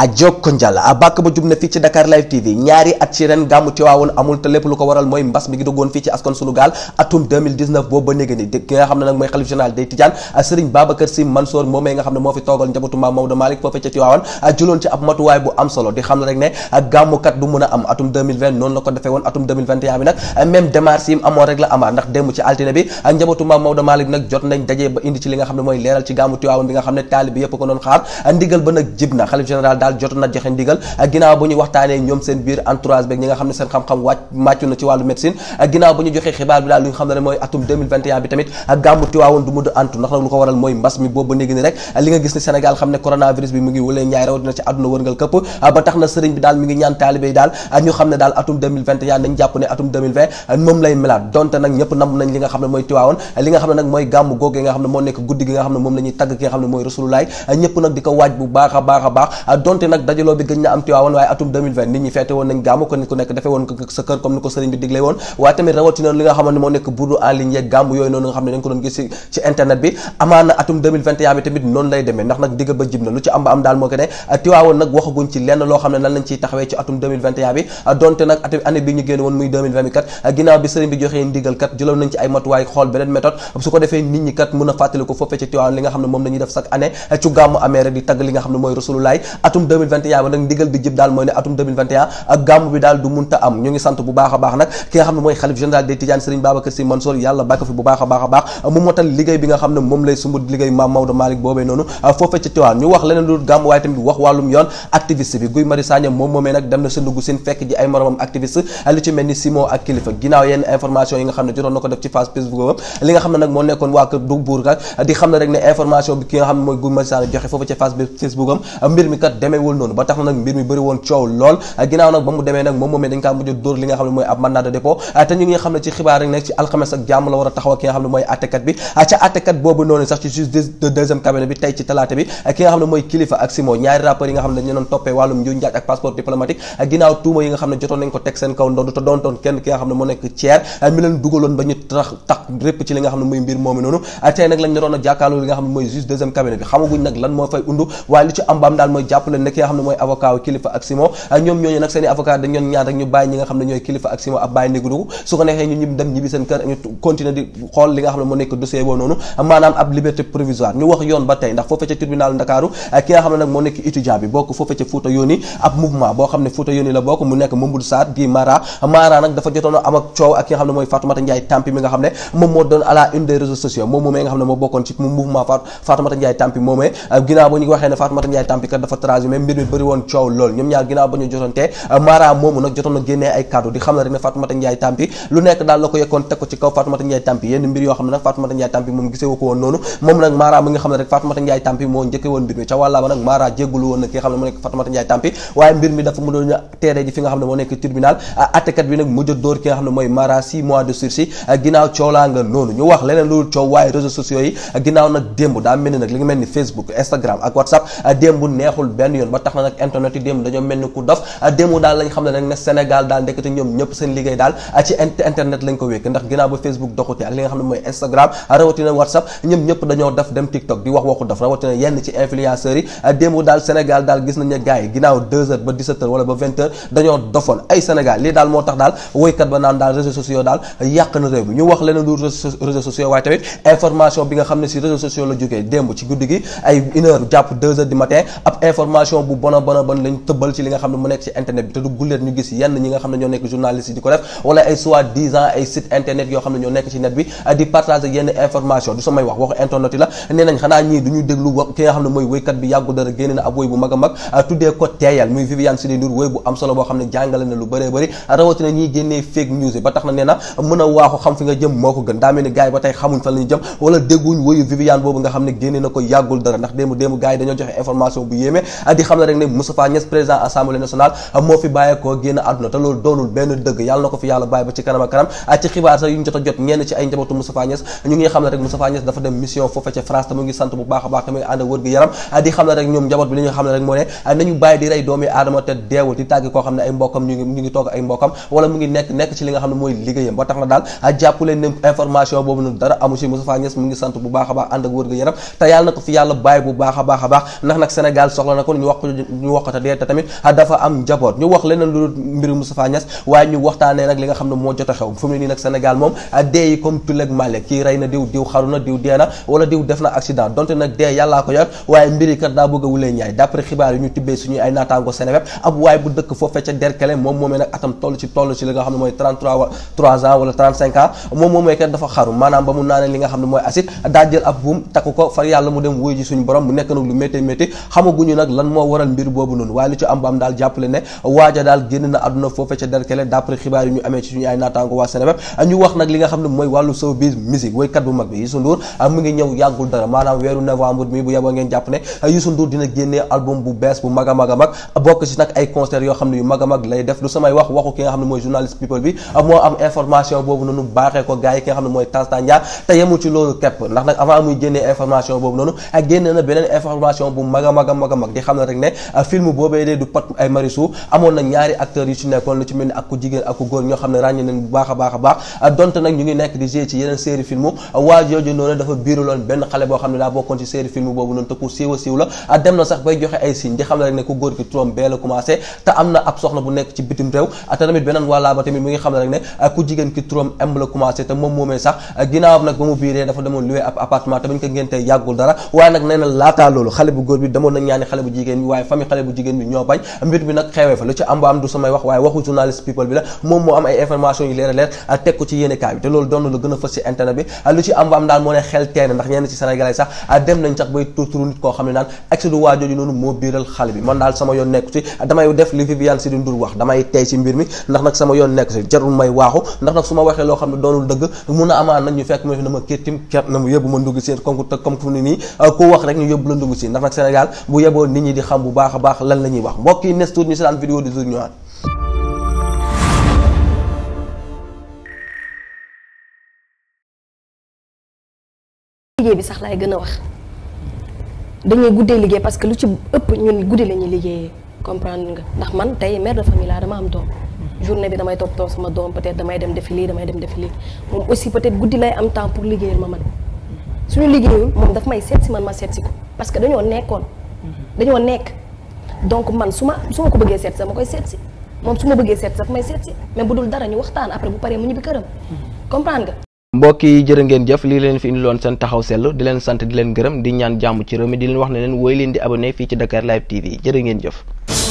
a jokko njal a bàkk ba jub na fii ci ab matuwaay bu am di xam ne rek ne gàmmukat du mun a am atum noonu la ko defee woon atum bi nag même démarche yi amoon rek la amaat ndax démb ci altine bi njabootu Maam Maodo nag jot nañ dajee ba indi ci li nga xam ne mooy leeral ci gàmmu Tiwaawoon bi nga xam ne taali bi ko doon xaar ndigal ba nag jib na xalif général Sénégal jot na joxe ndigal ginnaaw bu ñu waxtaanee ñoom seen biir entourage beeg ñi nga xam ne seen xam-xam wàcc màccu na ci wàllu médecine ginnaaw bu ñu joxee xibaar bi daal lu ñu xam ne mooy atum 2021 bi tamit gàmmu Tiwaawoon du mudd antu ndax nag lu ko waral mooy mbas mi boobu ba léegi ni rek li nga gis ne Sénégal xam ne coronavirus bi mu ngi wulee ñaay raw dina ci àdduna wërngal këpp ba tax na sëriñ bi daal mi ngi ñaan taalibe yi daal ñu xam ne daal atum 2021 nañ jàpp ne atum 2020 moom lay melaat donte nag ñëpp nam nañ li nga xam ne mooy Tiwaawoon li nga xam ne nag mooy gàmmu googu nga xam ne moo nekk guddi gi nga xam ne moom la ñuy tagg ki nga xam ne mooy Rasulullaay ñëpp nag di ko waaj bu baax a baax a baax donte ndax nag digg ba jib na lu ci am ba am daal moo ko ne Tiwaawan nag waxaguñ ci lenn loo xam ne lan lañ taxawee ci atum 2021 nag ay matuwaay xool beneen méthode su ko defee nit ñi kat mën a fàttali ko foofee ci Tiwaawan li nga xam ne moom la ñuy def chaque année ci gàmmu amee rek di tagg li nga xam ne mooy rasulullaay atum 2021 ndigal bi jib daal mooy ne atum ak gàmmu bi daal du munta am ñu ngi sant bu baax a baax nag ki nga xam ne mooy xalif général des Tidianes Serigne Babacar Sy Mansour yàlla bàyyi fi bu baax a baax a baax mu motal liggéey bi nga xam ne moom lay sumb liggéey Maam Maodo Malick boobee nag dem na sa ndugg seen fekk ji ay moromam activiste li ci mel ni Simon ak kilifa ginnaaw yenn information yi nga xam ne jotoon na ko def ci face li nga xam ne nag moo demewul noonu ba tax nag mbir mi bëri coow lool ginnaaw nag ba mu demee nag moom moomee dañ yi nag lañ doon a jàkkaarloo li nga xam ne mooy juge deuxième cabinet bi xamaguñ nag lan moo fay undu waaye li ci am daal mooy jàppale leen ne ki nga xam ne nag moo nekk dossier bi bokk foofu ca Fouta Yooni ab mouvement boo xam ne Fouta Yooni la bokk mu nekk Mamadou Sarr di Mara Mara nag dafa jotoon am ak coow ak ki nga xam ne mooy Fatoumata Ndiaye Tampi moomee nga eh, ba ñu waxee ne Fatoumata Ndiaye Tampi kat dafa ma mbir mi bëri coow lool ñoom ñaar ginnaaw ba ñu jotante euh, Mara moomu nag jotoon na génnee ay kaddu di xam ne rek ne Fatoumata lu nekk daal la ko yekkoon teg ko ci kaw Fatoumata Ndiaye Tampi moo njëkkee woon mbir mi ca wàllaa ba nag Mara jéggulu woon na ki xam ne moo nekk Fatoumata Ndiaye Tampi waaye mbir mi dafa mu nekk tribunal euh, attekat bi nag mujj a dóor ki nga xam ne mooy Mara six mois de sursis euh, ginnaaw coow laa nga noonu ñu wax leneen loolu benn yoon ba tax na nag internet yi démb dañoo mel ni ku dof ah, démb daal lañ xam ne nag ne Sénégal daal ndekete ñoom ñëpp seen liggéey daal ah, ci internet lañ ko wékk ndax ginnaaw ba Facebook doxute ah, ba 17 dañoo dofoon ay Sénégal lii daal moo tax daal woykat ba naan daal réseaux sociaux daal yàq na réew bi ñu wax leneen du réseaux sociaux waaye tamit information bi nga xam ne si réseaux sociaux la jógee démb ci guddi gi ay une jàpp deux heures ab information information bu bona bona bon lañ tëbbal ci li nga xam ne mu nekk ci internet bi te du gulleet ñu gis yenn ñi nga xam ne ñoo nekk journaliste yi di ko def wala ay soi-disant ay site internet yoo xam ne ñoo nekk ci net bi euh, di partager yenn information du samay wax waxu internet yi la nee nañ xanaa ñii du ñu déglu wax ki nga xam ne mooy wéykat bi yàggu dara génne na ab woy bu mag a mag euh, tuddee ko teeyal muy Viviane Sidi Ndour woy bu am solo boo xam ne jàngale di xam ne rek ne Moustapha Niass président assemblée nationale moo fi bàyyeekoo génn àdduna te loolu doonul benn dëgg yàlla na ko fi yàlla bàyyi bu baax a baax a baax ànd nag Sénégal soxla na ko wax ñu nga xam ne nag li nga xam ne mooy 33 3 ans wala 35 ans moom moomee dafa xaru maanaam ba mu naanee li nga xam ne mooy acide daa jël ab buum takku ko far yàlla mu dem wuy ji suñu mu nekk nag lu métti métti xamaguñu nag lan moo waaye lu ci am ba am daal jàppale ne waaja daal génn na àdduna foofe ca derkele d'après xibaar yi ñu amee ci suñu ay naataango waa Seneweb ñu wax nag li nga xam ne mooy wàllu showbiz musique woykat bu mag bi Youssou Ndour mu ngi ñëw yàggul dara maanaam weeru novembre mi bu yeboo ngeen jàpp ne Youssou Ndour dina génnee album bu bees bu mag a mag a mag bokk ci nag ay concert yoo xam ne yu mag a mag lay def lu samay wax waxu ki nga xam ne mooy journaliste a a a rek ne euh, film boobee dee du Pod ay Marichou amoon na ñaari acteurs yu ci nekkoon lu ci mel ni ak ku jigéen ki turam bee la te euh, euh, m la moom moomee sax ginnaaw nag ba mu biiree dafa demoon louer ab appartement te bañ ko ngéntee yàggul dara waaye nag nee na loolu xale bu góor bi demoon na ñaani xale bu jigéen jigéen bi waaye famille xale bu jigéen bi ñoo bañ mbir bi nag xewee fa lu ci am ba am du samay wax waaye waxu journaliste people bi la moom moo am a ah, a ah, ah, nag a ñu fekk mu ne na ma kéttim ket na mu yóbbu ma ndugg si ndax nag Sénégal bu yeboo nit ñi di bu baax a baax lan la ñuy wax mbokk yi nes tuut ñu seetaan vidéo du liggéey bi sax laay gën a wax dañuy guddee liggéey parce que lu ci ëpp ñun guddi la ñuy liggéeyee comprendre nga ndax man tey mère de famille laa dama am doom journée bi damay toppatoo sama doom peut-être damay dem defi lii damay dem defi lii moom aussi peut-être guddi lay am temps pour liggéeyal ma man suñu liggéeyul moom daf may seet man ma seet ko parce dañoo nekkoon dañoo nekk donc man su ma su ko bëggee seet sax ma koy seet si moom suma ma bëggee seet sax may seet si mais bu dara ñu waxtaan après bu paree mu ñibbi këram comprendre nga. mbokk jër jërë ngeen jëf lii leen fi indiloon seen taxaw seetlu di leen sant di leen gërëm di ñaan jàmm ci réew mi di leen wax na leen wooy leen di abonné fii ci Dakar Live TV jërë ngeen jëf.